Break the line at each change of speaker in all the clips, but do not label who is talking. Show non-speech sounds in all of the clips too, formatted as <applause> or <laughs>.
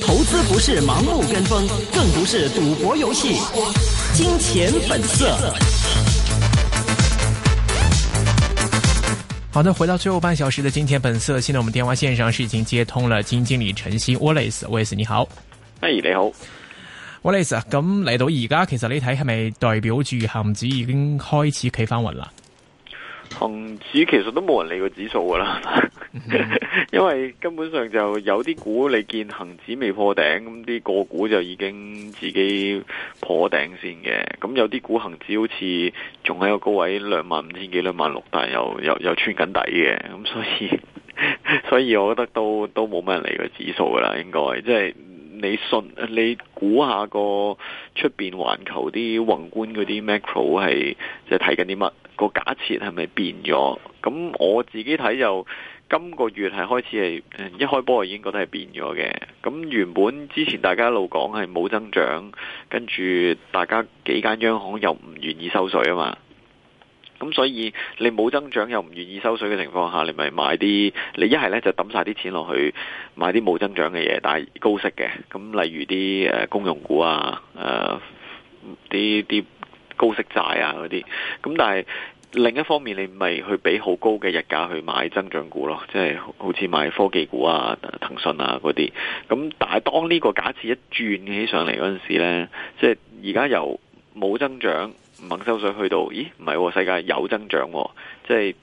投
資不是盲目跟風，更不是賭博遊戲。金錢本色。
好的，回到最後半小時的金錢本色，現在我們電話線上是已經接通了金經理陳昕 Wallace，Wallace 你好，
哎你好
，Wallace 咁嚟到而家，其實你睇係咪代表住恒指已經開始企翻穩啦？
恒指其實都冇人理過指數噶啦，因為根本上就有啲股你見恒指未破頂，咁、那、啲個股就已經自己破頂先嘅。咁有啲股恒指好似仲喺個高位兩萬五千幾、兩萬六，但係又又又穿緊底嘅。咁所以， <laughs> 所以我覺得都都冇乜人理過指數噶啦，應該即係。就是你信？你估下個出邊環球啲宏觀嗰啲 macro 係即係睇緊啲乜？個假設係咪變咗？咁我自己睇就今個月係開始係一開波已經覺得係變咗嘅。咁原本之前大家一路講係冇增長，跟住大家幾間央行又唔願意收水啊嘛。咁所以你冇增長又唔願意收水嘅情況下，你咪買啲你一係咧就抌晒啲錢落去買啲冇增長嘅嘢，但係高息嘅。咁例如啲誒公用股啊，誒啲啲高息債啊嗰啲。咁但係另一方面，你咪去俾好高嘅日價去買增長股咯，即係好似買科技股啊、騰訊啊嗰啲。咁但係當呢個假設一轉起上嚟嗰陣時咧，即係而家由冇增長。猛收水去到，咦？唔係喎，世界有增長喎，即係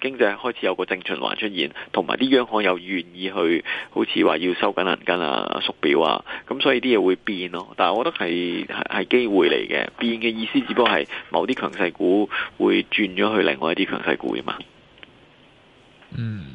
經濟開始有個正循環出現，同埋啲央行又願意去，好似話要收緊銀根啊、縮表啊，咁所以啲嘢會變咯。但係我覺得係係機會嚟嘅，變嘅意思只不過係某啲強勢股會轉咗去另外一啲強勢股嘅嘛。嗯。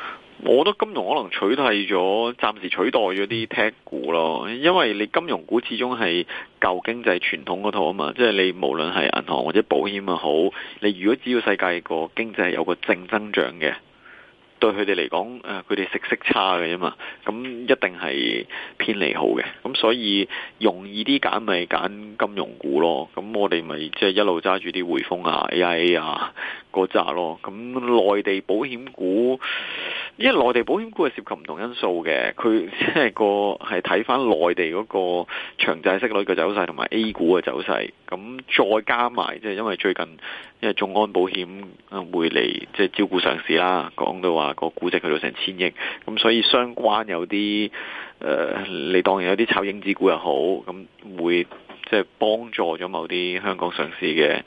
我覺得金融可能取代咗，暫時取代咗啲 tech 股咯，因為你金融股始終係舊經濟傳統嗰套啊嘛，即係你無論係銀行或者保險啊好，你如果只要世界個經濟有個正增長嘅，對佢哋嚟講，誒佢哋食息差嘅嘛，咁一定係偏離好嘅，咁所以容易啲揀咪揀金融股咯。咁我哋咪即係一路揸住啲匯豐啊、AIA 啊嗰扎咯。咁內地保險股。.因為內地保險股係涉及唔同因素嘅，佢即係個係睇翻內地嗰個長債息率嘅走，走勢，同埋 A 股嘅走勢，咁再加埋即係因為最近因為眾安保險會嚟即係招股上市啦，講到話個估值去到成千億，咁所以相關有啲誒、呃，你當然有啲炒影子股又好，咁會即係幫助咗某啲香港上市嘅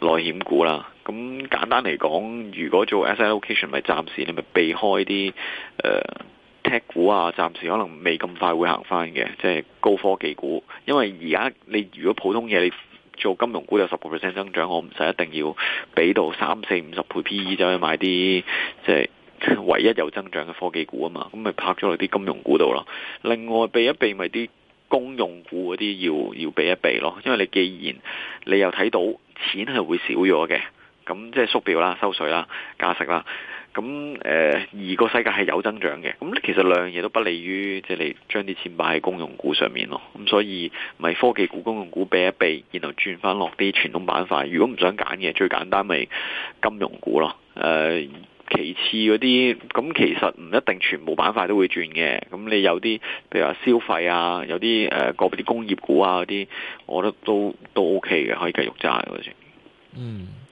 內險股啦。咁簡單嚟講，如果做 asset allocation，咪暫時你咪避開啲誒、呃、Tech 股啊，暫時可能未咁快會行返嘅，即係高科技股。因為而家你如果普通嘢，你做金融股有十個 percent 增長，我唔使一定要俾到三四五十倍 P/E 就去買啲即係唯一有增長嘅科技股啊嘛。咁咪拍咗落啲金融股度咯。另外避一避咪啲公用股嗰啲要要避一避咯，因為你既然你又睇到錢係會少咗嘅。咁即係縮表啦、收稅啦、加息啦。咁誒而個世界係有增長嘅。咁其實兩樣嘢都不利於即係你將啲錢擺喺公用股上面咯。咁所以咪科技股、公用股避一避，然後轉翻落啲傳統板塊。如果唔想揀嘅，最簡單咪金融股咯。誒，其次嗰啲咁其實唔一定全部板塊都會轉嘅。咁你有啲譬如話消費啊，有啲誒個別啲工業股啊嗰啲，我覺得都都 OK 嘅，可以繼續揸嗰陣。嗯。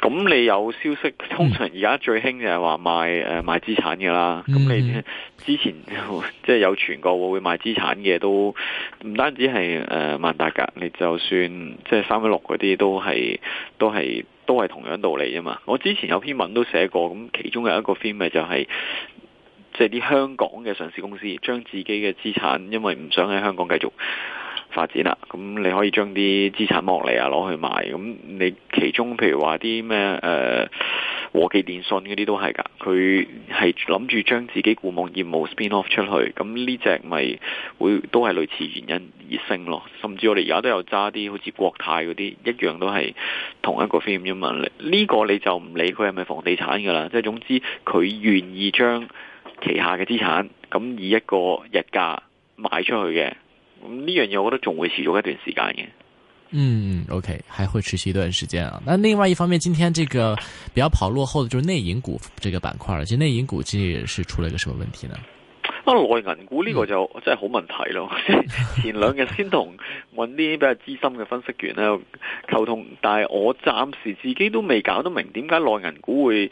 咁你有消息，通常而家最興就係話賣誒、呃、賣資產嘅啦。咁、嗯、你之前即係 <laughs> 有傳過會賣資產嘅，都唔單止係誒、呃、萬達噶，你就算即係三一六嗰啲都係都係都係同樣道理啫嘛。我之前有篇文都寫過，咁其中有一個 theme 咪就係即係啲香港嘅上市公司將自己嘅資產，因為唔想喺香港繼續。發展啦，咁你可以將啲資產剝離啊，攞去賣。咁你其中譬如話啲咩誒和記電信嗰啲都係㗎，佢係諗住將自己固網業務 spin off 出去。咁呢隻咪會都係類似原因而升咯。甚至我哋而家都有揸啲好似國泰嗰啲，一樣都係同一個 theme 啫嘛。呢、這個你就唔理佢係咪房地產㗎啦，即係總之佢願意將旗下嘅資產咁以一個日價賣出去嘅。咁呢樣嘢，我覺得仲會持續一段時間嘅。嗯
，OK，還會持續一段時間啊。但另外一方面，今天這個比較跑落後的就係內銀股這個板塊。其實內銀股其實是出了一個什麼問題呢？
啊，內銀股呢個就、嗯、真係好問題咯。前兩日先同搵啲 <laughs> 比較資深嘅分析員呢溝通，但係我暫時自己都未搞得明，點解內銀股會？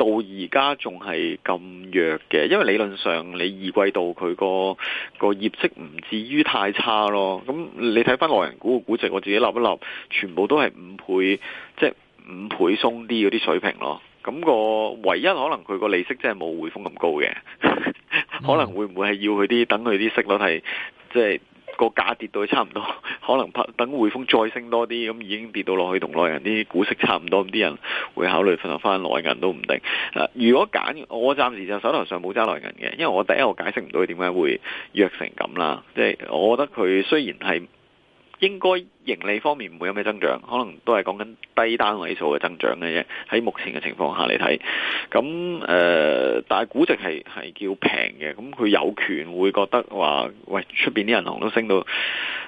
到而家仲係咁弱嘅，因為理論上你二季度佢個個業績唔至於太差咯。咁你睇返內銀股嘅估值，我自己諗一諗，全部都係五倍，即係五倍鬆啲嗰啲水平咯。咁、嗰個唯一可能佢個利息真係冇匯豐咁高嘅， <laughs> 可能會唔會係要佢啲等佢啲息率係即係？就是個價跌到差唔多，可能拍等匯豐再升多啲，咁、嗯、已經跌到落去同內銀啲股息差唔多，啲人會考慮摯落翻內銀都唔定。啊，如果揀我暫時就手頭上冇揸內銀嘅，因為我第一我解釋唔到佢點解會弱成咁啦，即係我覺得佢雖然係。應該盈利方面唔會有咩增長，可能都係講緊低單位數嘅增長嘅啫。喺目前嘅情況下嚟睇，咁誒、呃，但係估值係係叫平嘅。咁佢有權會覺得話，喂，出面啲銀行都升到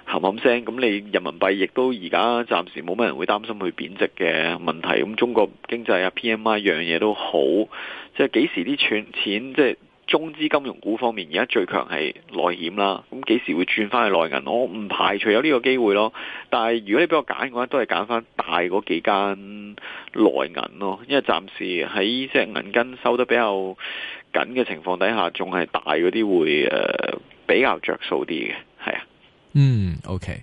冚冚聲，咁你人民幣亦都而家暫時冇乜人會擔心佢貶值嘅問題。咁中國經濟啊、PMI 樣嘢都好，即係幾時啲錢錢即係。中資金融股方面，而家最強係內險啦，咁幾時會轉翻去內銀？我唔排除有呢個機會咯，但係如果你俾我揀嘅話，都係揀翻大嗰幾間內銀咯，因為暫時喺隻銀根收得比較緊嘅情況底下，仲係大嗰啲會誒、呃、比較着數啲嘅，係啊，嗯，OK。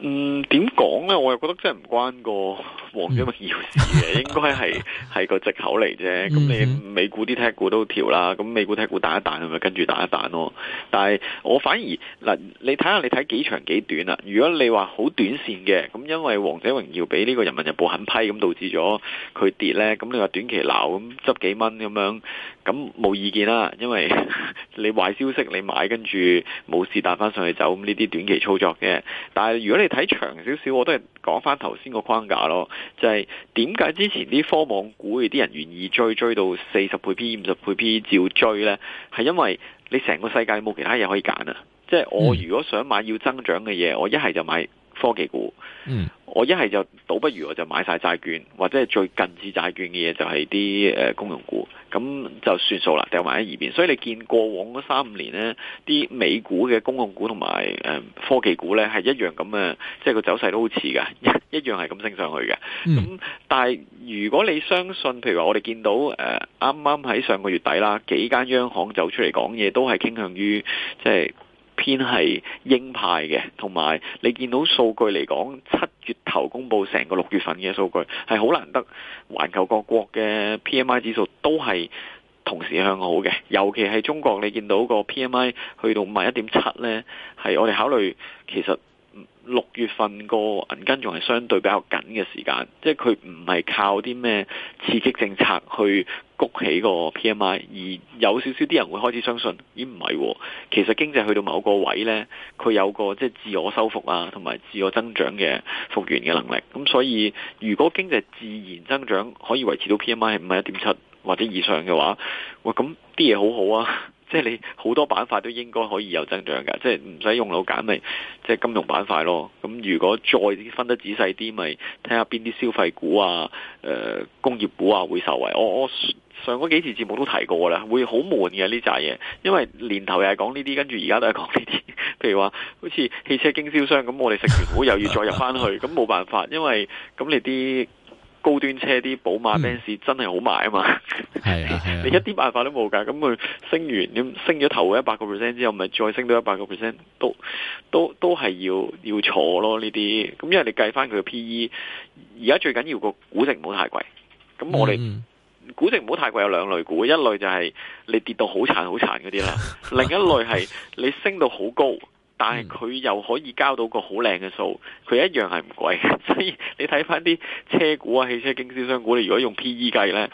嗯，點講咧？我又覺得真係唔關個《王者榮耀》事嘅，應該係係個借口嚟啫。咁你美股啲 tech 股都調啦，咁美股 tech 股彈一彈，咪跟住彈一彈咯。但係我反而嗱，你睇下你睇幾長幾短啦、啊。如果你話好短線嘅，咁因為《王者榮耀》俾呢個人民日報狠批，咁導致咗佢跌呢。咁你話短期鬧咁執幾蚊咁樣，咁冇意見啦、啊。因為你壞消息你買，跟住冇事彈翻上去走，咁呢啲短期操作嘅。但係如果你睇長少少，我都係講翻頭先個框架咯。就係點解之前啲科網股啲人願意追追到四十倍 P、五十倍 P 照追呢，係因為你成個世界冇其他嘢可以揀啊！即係我如果想買要增長嘅嘢，我一係就買。科技股，嗯、我一係就倒不如我就買晒債券，或者係最近似債券嘅嘢，就係啲誒公用股，咁就算數啦，掉埋喺一邊。所以你見過往嗰三五年呢啲美股嘅公用股同埋誒科技股呢，係一樣咁嘅，即係個走勢都好似噶，一樣係咁升上去嘅。咁、嗯、但係如果你相信，譬如話我哋見到誒，啱啱喺上個月底啦，幾間央行走出嚟講嘢，都係傾向於即係。就是偏係鷹派嘅，同埋你見到數據嚟講，七月頭公佈成個六月份嘅數據，係好難得，環球各國嘅 PMI 指數都係同時向好嘅，尤其係中國，你見到個 PMI 去到五十一點七咧，係我哋考慮其實。六月份個銀根仲係相對比較緊嘅時間，即係佢唔係靠啲咩刺激政策去谷起個 PMI，而有少少啲人會開始相信，咦，唔係喎，其實經濟去到某個位呢，佢有個即係自我修復啊同埋自我增長嘅復原嘅能力。咁所以如果經濟自然增長可以維持到 PMI 係五十一點七或者以上嘅話，喂，咁啲嘢好好啊！即係你好多板塊都應該可以有增長㗎，即係唔使用腦揀咪，即係金融板塊咯。咁如果再分得仔細啲，咪睇下邊啲消費股啊、誒、呃、工業股啊會受惠。我我上嗰幾次節目都提過啦，會好悶嘅呢扎嘢，因為年頭又係講呢啲，跟住而家都係講呢啲。譬如話，好似汽車經銷商咁，我哋食完股又要再入翻去，咁冇辦法，因為咁你啲。高端車啲寶馬、奔馳、嗯、真係好賣啊嘛，嗯、 <laughs> 你一啲辦法都冇噶，咁佢升完咁升咗頭一百個 percent 之後，咪再升到一百個 percent，都都都係要要坐咯呢啲，咁因為你計翻佢嘅 PE，而家最緊要個估值唔好太貴，咁我哋、嗯、估值唔好太貴有兩類股，一類就係你跌到好殘好殘嗰啲啦，另一類係你升到好高。但係佢又可以交到個好靚嘅數，佢一樣係唔貴，所以你睇翻啲車股啊、汽車經銷商股，你如果用 PE 計呢，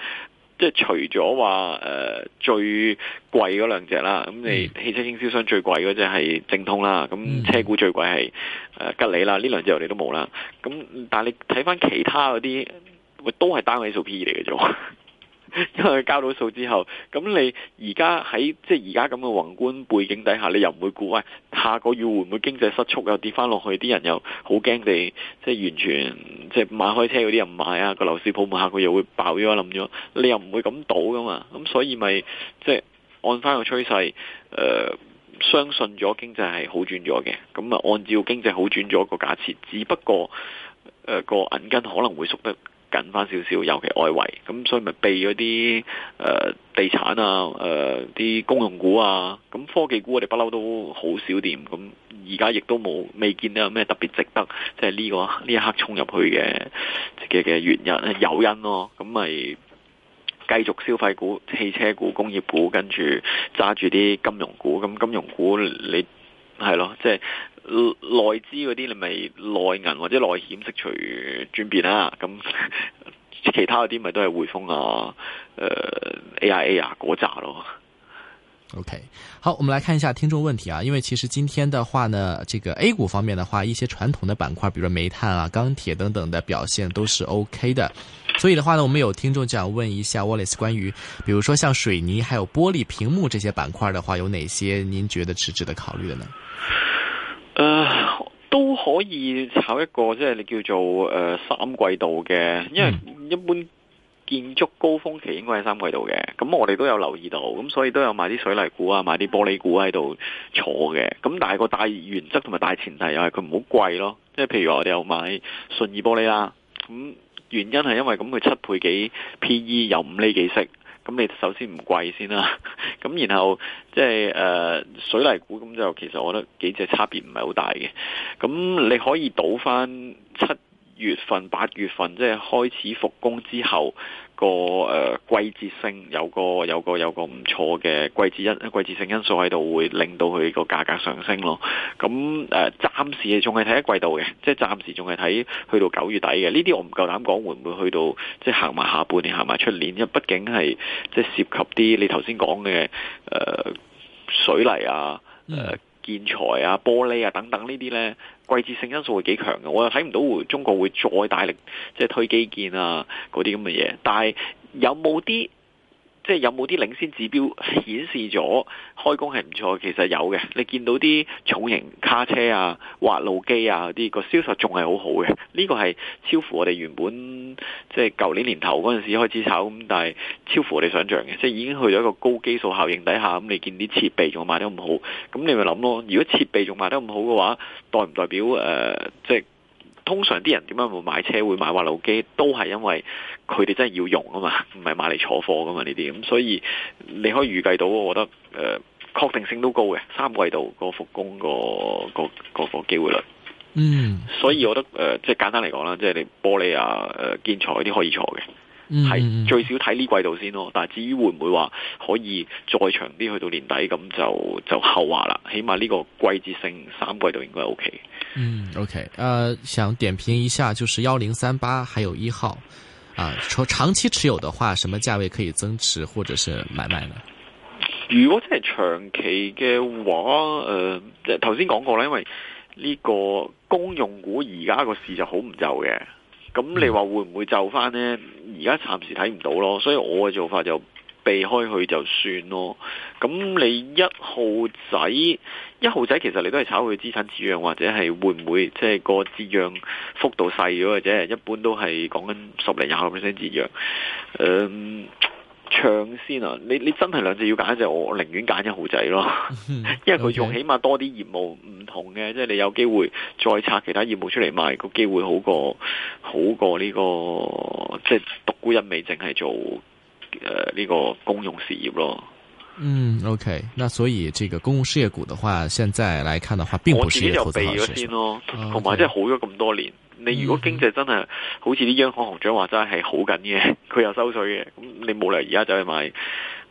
即係除咗話誒最貴嗰兩隻啦，咁你汽車經銷商最貴嗰隻係正通啦，咁車股最貴係、呃、吉利啦，呢兩隻我哋都冇啦，咁但係你睇翻其他嗰啲，都係單位數 PE 嚟嘅啫。 <laughs> <laughs> 因為交到數之後，咁你而家喺即係而家咁嘅宏觀背景底下，你又唔會估喂，下個月會唔會經濟失速又跌翻落去？啲人又好驚地，即係完全即係買開車嗰啲人唔買啊！個樓市泡沫下佢又會爆咗諗咗，你又唔會咁賭噶嘛？咁所以咪即係按翻個趨勢，誒、呃，相信咗經濟係好轉咗嘅，咁啊按照經濟好轉咗個假設，只不過誒個銀根可能會縮得。緊翻少少，尤其外圍，咁所以咪避咗啲誒地產啊、誒啲公用股啊，咁科技股我哋不嬲都好少掂，咁而家亦都冇未見到有咩特別值得，即係呢個呢一刻衝入去嘅嘅嘅原因咧，誘因咯，咁咪繼續消費股、汽車股、工業股，跟住揸住啲金融股，咁金融股你係咯，即係。內資嗰啲你咪內銀或者內險息隨轉變啦、啊，咁其他嗰啲咪都係匯豐啊、呃、A I A 啊、嗰啲咯。OK，
好，我們來看一下聽眾問題啊，因為其實今天的話呢，這個 A 股方面的話，一些傳統的板塊，比如煤炭啊、鋼鐵等等的表現都是 OK 的，所以的話呢，我們有聽眾就想問一下 Wallace 關於，比如說像水泥、還有玻璃、屏幕這些板塊的話，有哪些您覺得是值得考慮的呢？
誒，uh, 都可以炒一個即係你叫做誒、呃、三季度嘅，因為一般建築高峰期應該係三季度嘅。咁我哋都有留意到，咁所以都有買啲水泥股啊，買啲玻璃股喺度坐嘅。咁但係個大原則同埋大前提又係佢唔好貴咯。即係譬如我哋有買順義玻璃啦、啊，咁原因係因為咁佢七倍幾 PE，有五厘幾息。咁你首先唔貴先啦，咁 <laughs> 然後即係誒水泥股咁就其實我覺得幾隻差別唔係好大嘅，咁你可以倒翻七月份八月份，即係開始復工之後，那個誒、呃、季節性有個有個有個唔錯嘅季節因季節性因素喺度，會令到佢個價格上升咯。咁誒、呃，暫時仲係睇一季度嘅，即係暫時仲係睇去到九月底嘅。呢啲我唔夠膽講會唔會去到即係行埋下半年，行埋出年，因為畢竟係即係涉及啲你頭先講嘅誒水泥啊誒。呃建材啊、玻璃啊等等呢啲咧，季節性因素會幾強嘅，我又睇唔到會中國會再大力即係推基建啊，嗰啲咁嘅嘢，但係有冇啲？即係有冇啲領先指標顯示咗開工係唔錯？其實有嘅，你見到啲重型卡車啊、滑路機啊啲、嗰個銷售仲係好好嘅。呢、呢個係超乎我哋原本即係舊年年頭嗰陣時開始炒，咁但係超乎我哋想象嘅，即、就、係、是、已經去咗一個高基數效應底下。咁你見啲設備仲賣得咁好，咁你咪諗咯。如果設備仲賣得咁好嘅話，代唔代表誒、呃、即係？通常啲人點解會買車，會買挖路機，都係因為佢哋真係要用啊嘛，唔係買嚟坐貨噶嘛呢啲，咁所以你可以預計到，我覺得誒確定性都高嘅三季度個復工個個個個機會率。嗯，所以我覺得誒即係簡單嚟講啦，即係你玻璃啊、誒建材啲可以坐嘅。係、嗯、最少睇呢季度先咯，但係至於會唔會話可以再長啲去到年底咁就就後話啦。起碼呢個季節性三季度應該 O、OK、K、
嗯。嗯，O K，誒，想點評一下，就是幺零三八還有一號啊、呃，長期持有的話，什麼價位可以增持，或者是買賣呢？
如果真係長期嘅話，誒、呃，頭先講過啦，因為呢個公用股而家個市就好唔就嘅。咁你話會唔會就翻呢？而家暫時睇唔到咯，所以我嘅做法就避開佢就算咯。咁你一號仔，一號仔其實你都係炒佢資產折讓，或者係會唔會即係、就是、個折讓幅度細咗或者一般都係講緊十零廿個 percent 折讓。唱先啊！你你真係兩隻要揀一隻，我寧願揀一號仔咯， <laughs> 因為佢用起碼多啲業務唔同嘅，Okay. 即係你有機會再拆其他業務出嚟賣，那個機會好過好過呢、這個即係獨孤一味，淨係做誒呢個公用事業咯。
嗯，OK，那所以這個公用事業股的話，現在來看的話，並唔係一窩跳嘅事情。我自己就避咗
先咯。同埋即係好咗咁多年。你如果經濟真係、嗯、好似啲央行行長話齋係好緊嘅，佢又收稅嘅，咁你冇理由而家走去買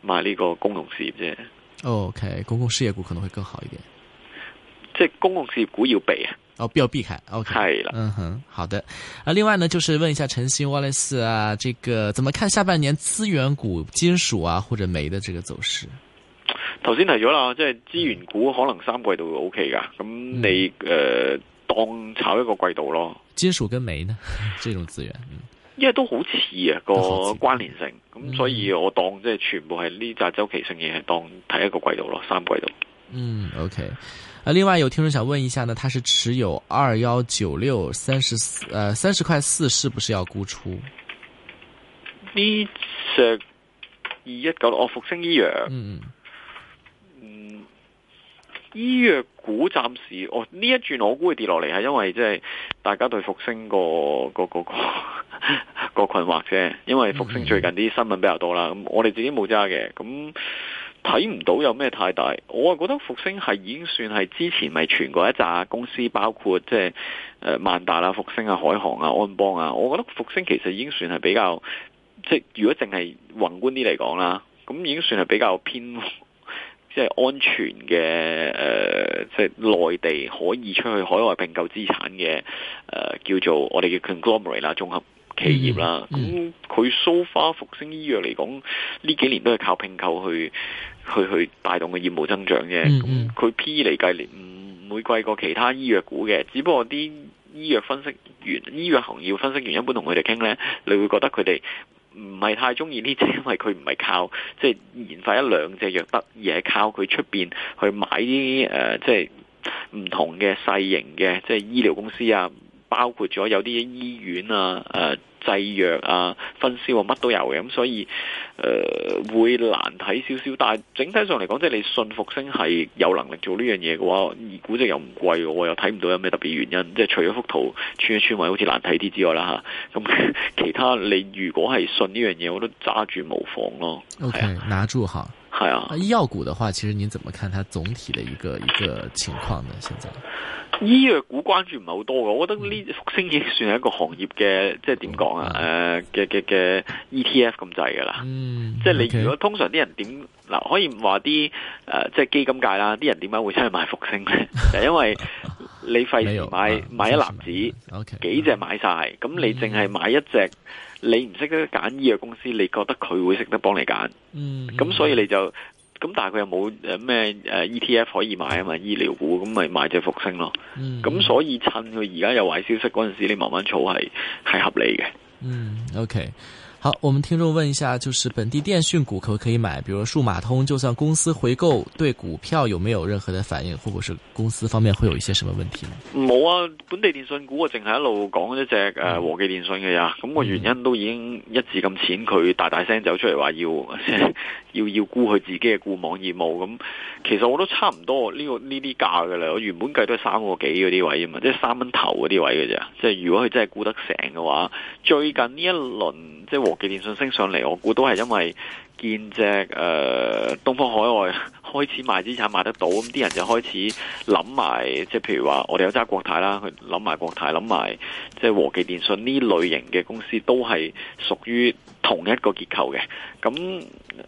買呢個公共事業啫。
OK，公共事業股可能會更好一點，
即係公共事業股要避
啊。哦，要避開。O K，係啦。的嗯哼，好的。啊，另外呢，就是問一下陳昕 Wallace 啊，這個怎麼看下半年資源股金屬、啊、金屬啊或者煤的這個走勢？
頭先提咗啦，即係資源股可能三個季度 O K 噶，咁你誒當炒一個季度咯。金屬跟煤
呢？ <laughs> 這種資源，
嗯、因為都好似啊個、啊、關聯性，咁所以我當即係全部係呢紮周期性嘢，係當睇一個季度咯，三個季度。嗯，OK。
另外有聽眾想問一下呢，他是持有二幺九六三十四，三十塊四，是不是要沽出？
呢隻二一九六，哦，復星醫藥，嗯嗯。醫藥股暫時哦呢一轉，我估會跌落嚟，係因為即係大家對復星個個個個個困惑啫。因為復星最近啲新聞比較多啦，咁、嗯、我哋自己冇揸嘅，咁睇唔到有咩太大。我啊覺得復星係已經算係之前咪傳過一紮公司，包括即係誒萬達啦、復星啊、海航啊、安邦啊。我覺得復星其實已經算係比較即係，如果淨係宏觀啲嚟講啦，咁已經算係比較偏。即係安全嘅誒、呃，即係內地可以出去海外並購資產嘅誒、呃，叫做我哋叫 conglomerate 啦，綜合企業啦。咁佢 so far 復星醫藥嚟講，呢幾年都係靠並購去去去帶動嘅業務增長嘅。佢 PE 嚟計年唔會貴過其他醫藥股嘅，只不過啲醫藥分析員、醫藥行業分析員一般同佢哋傾咧，你會覺得佢哋。唔係太中意呢隻，因為佢唔係靠即係、就是、研發一兩隻藥得，而係靠佢出邊去買啲誒，即係唔同嘅細型嘅即係醫療公司啊，包括咗有啲醫院啊，誒、呃。製藥啊，分銷乜、啊、都有嘅，咁所以，誒、呃、會難睇少少，但係整體上嚟講，即係你信復星係有能力做呢樣嘢嘅話，估值又唔貴，我又睇唔到有咩特別原因，即係除咗幅圖穿一穿位好似難睇啲之外啦嚇，咁、啊嗯、其他你如果係信呢樣嘢，我都揸住無妨咯。Okay, 啊、
拿住嚇。係啊，醫藥股嘅話，其實您怎麼看？它總體的一個一個
情況呢？現在醫藥股關注唔係好多嘅，我覺得呢復星已經算係一個行業嘅，即係點講啊？誒嘅嘅嘅 ETF 咁滯噶啦，嗯，嗯即係你如果 Okay. 通常啲人點嗱、呃，可以話啲誒，即、呃、係、就是、基金界啦，啲人點解會出去買復星咧？就係 <laughs> 因為。 <laughs> 你費事買，買一籃子 <noise> Okay. 幾隻買晒，咁 <noise> 你淨係買一隻，你唔識得揀醫藥公司，你覺得佢會識得幫你揀？嗯，咁 <noise> 所以你就咁，但係佢又冇誒咩誒 ETF 可以買啊嘛，醫療股，咁咪買隻復星咯。嗯，咁 <noise> 所以趁佢而家有壞消息嗰陣時，你慢慢儲係係合理嘅。嗯
<noise> ，OK。好，我們聽眾問一下，就是本地電訊股可唔可以買？比如數碼通，就算公司回購，對股票有沒有任何的反應？或者是公司方面會有一些什麼問題呢？
冇啊，本地電訊股啊，淨係一路講一隻誒、啊、和記電訊嘅呀。咁、那個原因都已經一字咁淺，佢大大聲走出嚟話要、嗯、 <laughs> 要要沽佢自己嘅固網業務。咁其實我都差唔多呢、這個呢啲、這個這個、價噶啦。我原本計都係三個幾嗰啲位啊嘛，即係三蚊頭嗰啲位嘅啫。即係如果佢真係沽得成嘅話，最近呢一輪即係和。和記電訊升上嚟，我估都係因為見隻誒東方海外開始賣資產賣得到，咁啲人就開始諗埋，即係譬如話我哋有揸國泰啦，去諗埋國泰，諗埋即係和記電訊呢類型嘅公司都係屬於同一個結構嘅，咁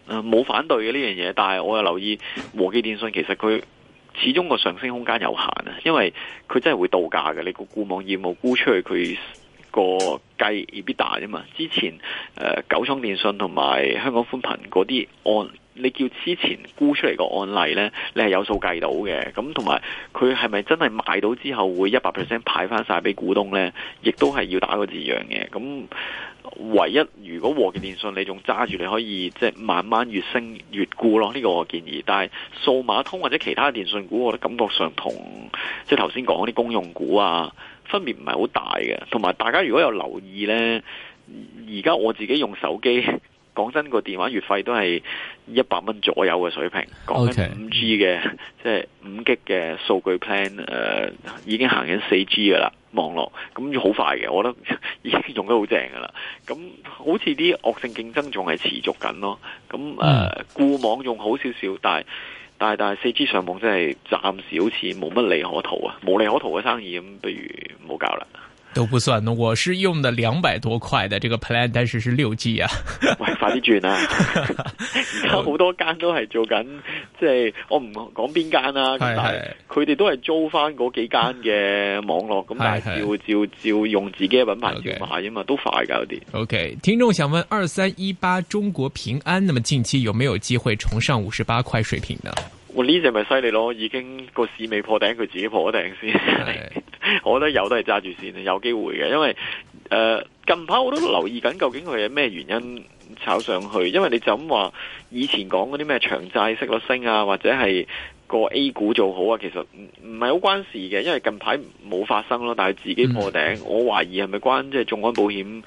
冇、呃、反對嘅呢樣嘢。但係我又留意和記電訊其實佢始終個上升空間有限啊，因為佢真係會度假嘅。你個固網業務沽出去佢。個計 EBITDA 啫嘛，之前誒、呃、九倉電信同埋香港寬頻嗰啲案，你叫之前沽出嚟個案例呢，你係有數計到嘅。咁同埋佢係咪真係賣到之後會一百 percent 派翻晒俾股東呢？亦都係要打個字樣嘅。咁唯一如果和記電信你仲揸住，你可以即係慢慢越升越沽咯。呢、這個我建議。但係數碼通或者其他電信股，我哋感覺上同即係頭先講嗰啲公用股啊。分別唔係好大嘅，同埋大家如果有留意呢，而家我自己用手機，講真個電話月費都係一百蚊左右嘅水平，講緊五 G 嘅，Okay. 即係五 G 嘅數據 plan，誒、呃、已經行緊四 G 嘅啦網絡，咁好快嘅，我覺得已經用得好正嘅啦。咁好似啲惡性競爭仲係持續緊咯，咁誒固網用好少少，但係。但係但係四 G 上網真係暫時好似冇乜利可圖啊，冇利可圖嘅生意咁，不如唔好搞啦。
都不算，我是用的兩百多塊的這個 plan，但是是六 G 啊，
<laughs> 喂快啲轉啊！而家好多間都係做緊，即係我唔講邊間啦。 <laughs> 但係佢哋都係租翻嗰幾間嘅網絡，咁 <laughs> 但係照照照照照用自己嘅品牌照買啊嘛， <laughs> 都快噶嗰啲。OK，
聽眾想問二三一八中國平安，那麼近期有沒有機會重上五十八塊水平呢？
我呢隻咪犀利咯，已經個市未破頂，佢自己破咗頂先。 <laughs> <laughs> 我覺得有都係揸住先，有機會嘅，因為誒、呃、近排我都留意緊究竟佢係咩原因炒上去。因為你就咁話，以前講嗰啲咩長債息率升啊，或者係個 A 股做好啊，其實唔唔係好關事嘅，因為近排冇發生咯。但係自己破頂，嗯、我懷疑係咪關即係眾安保險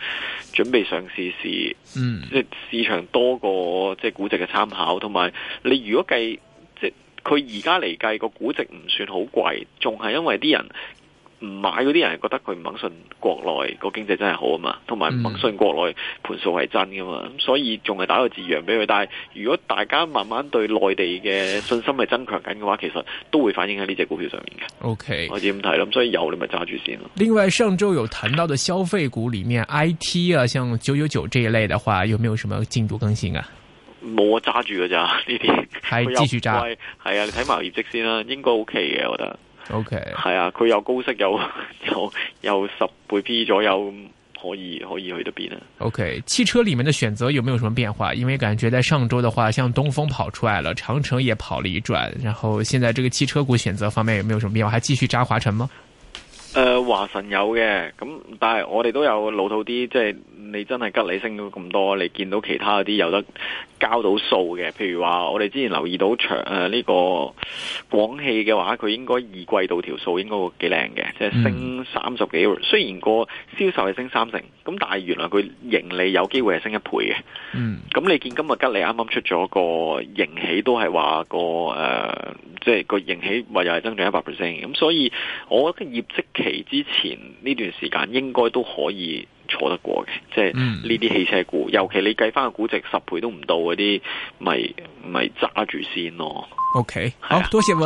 準備上市時，嗯、即係市場多個即係估值嘅參考，同埋你如果計即佢而家嚟計個估值唔算好貴，仲係因為啲人。唔買嗰啲人係覺得佢唔肯信國內個經濟真係好啊嘛，同埋唔肯信國內盤數係真噶嘛，咁、嗯、所以仲係打個字讓俾佢。但係如果大家慢慢對內地嘅信心係增強緊嘅話，其實都會反映喺呢隻股票上面嘅。OK，我哋咁睇啦。咁所以有你咪揸住先咯。
另外，上周有談到嘅消費股裏面 I T 啊，像九九九這一類嘅話，有沒有什麼進度更新啊？
冇啊，揸住噶咋呢啲，係繼續揸。係 <laughs> 啊，你睇埋業績先啦、啊，應該 O K 嘅，我覺得。O K，係啊，佢有高息有有有十倍 P 左右，可以可以去到邊啊。
O、okay. K，汽車裏面的選擇有沒有什麼變化？因為感覺在上周的話，像東風跑出來了，長城也跑了一轉，然後現在這個汽車股選擇方面有沒有什麼變化？還繼續揸華晨嗎？
誒，華晨，呃，有嘅，咁，嗯，但係我哋都有老套啲，即係你真係吉利升咗咁多，你見到其他嗰啲有得交到數嘅，譬如話我哋之前留意到長誒呢個廣汽嘅話，佢應該二季度條數應該會幾靚嘅，即係升三十幾，雖然個銷售係升三成，咁但係原來佢盈利有機會係升一倍嘅。嗯，咁你見今日吉利啱啱出咗個盈喜，都係話個誒，即係個盈喜又係增長一百 percent，咁所以我覺得業績。期之前呢段時間應該都可以坐得過嘅，即係呢啲汽車股，尤其你計翻個估值十倍都唔到嗰啲，咪咪揸住先咯。
OK，啊，好多謝。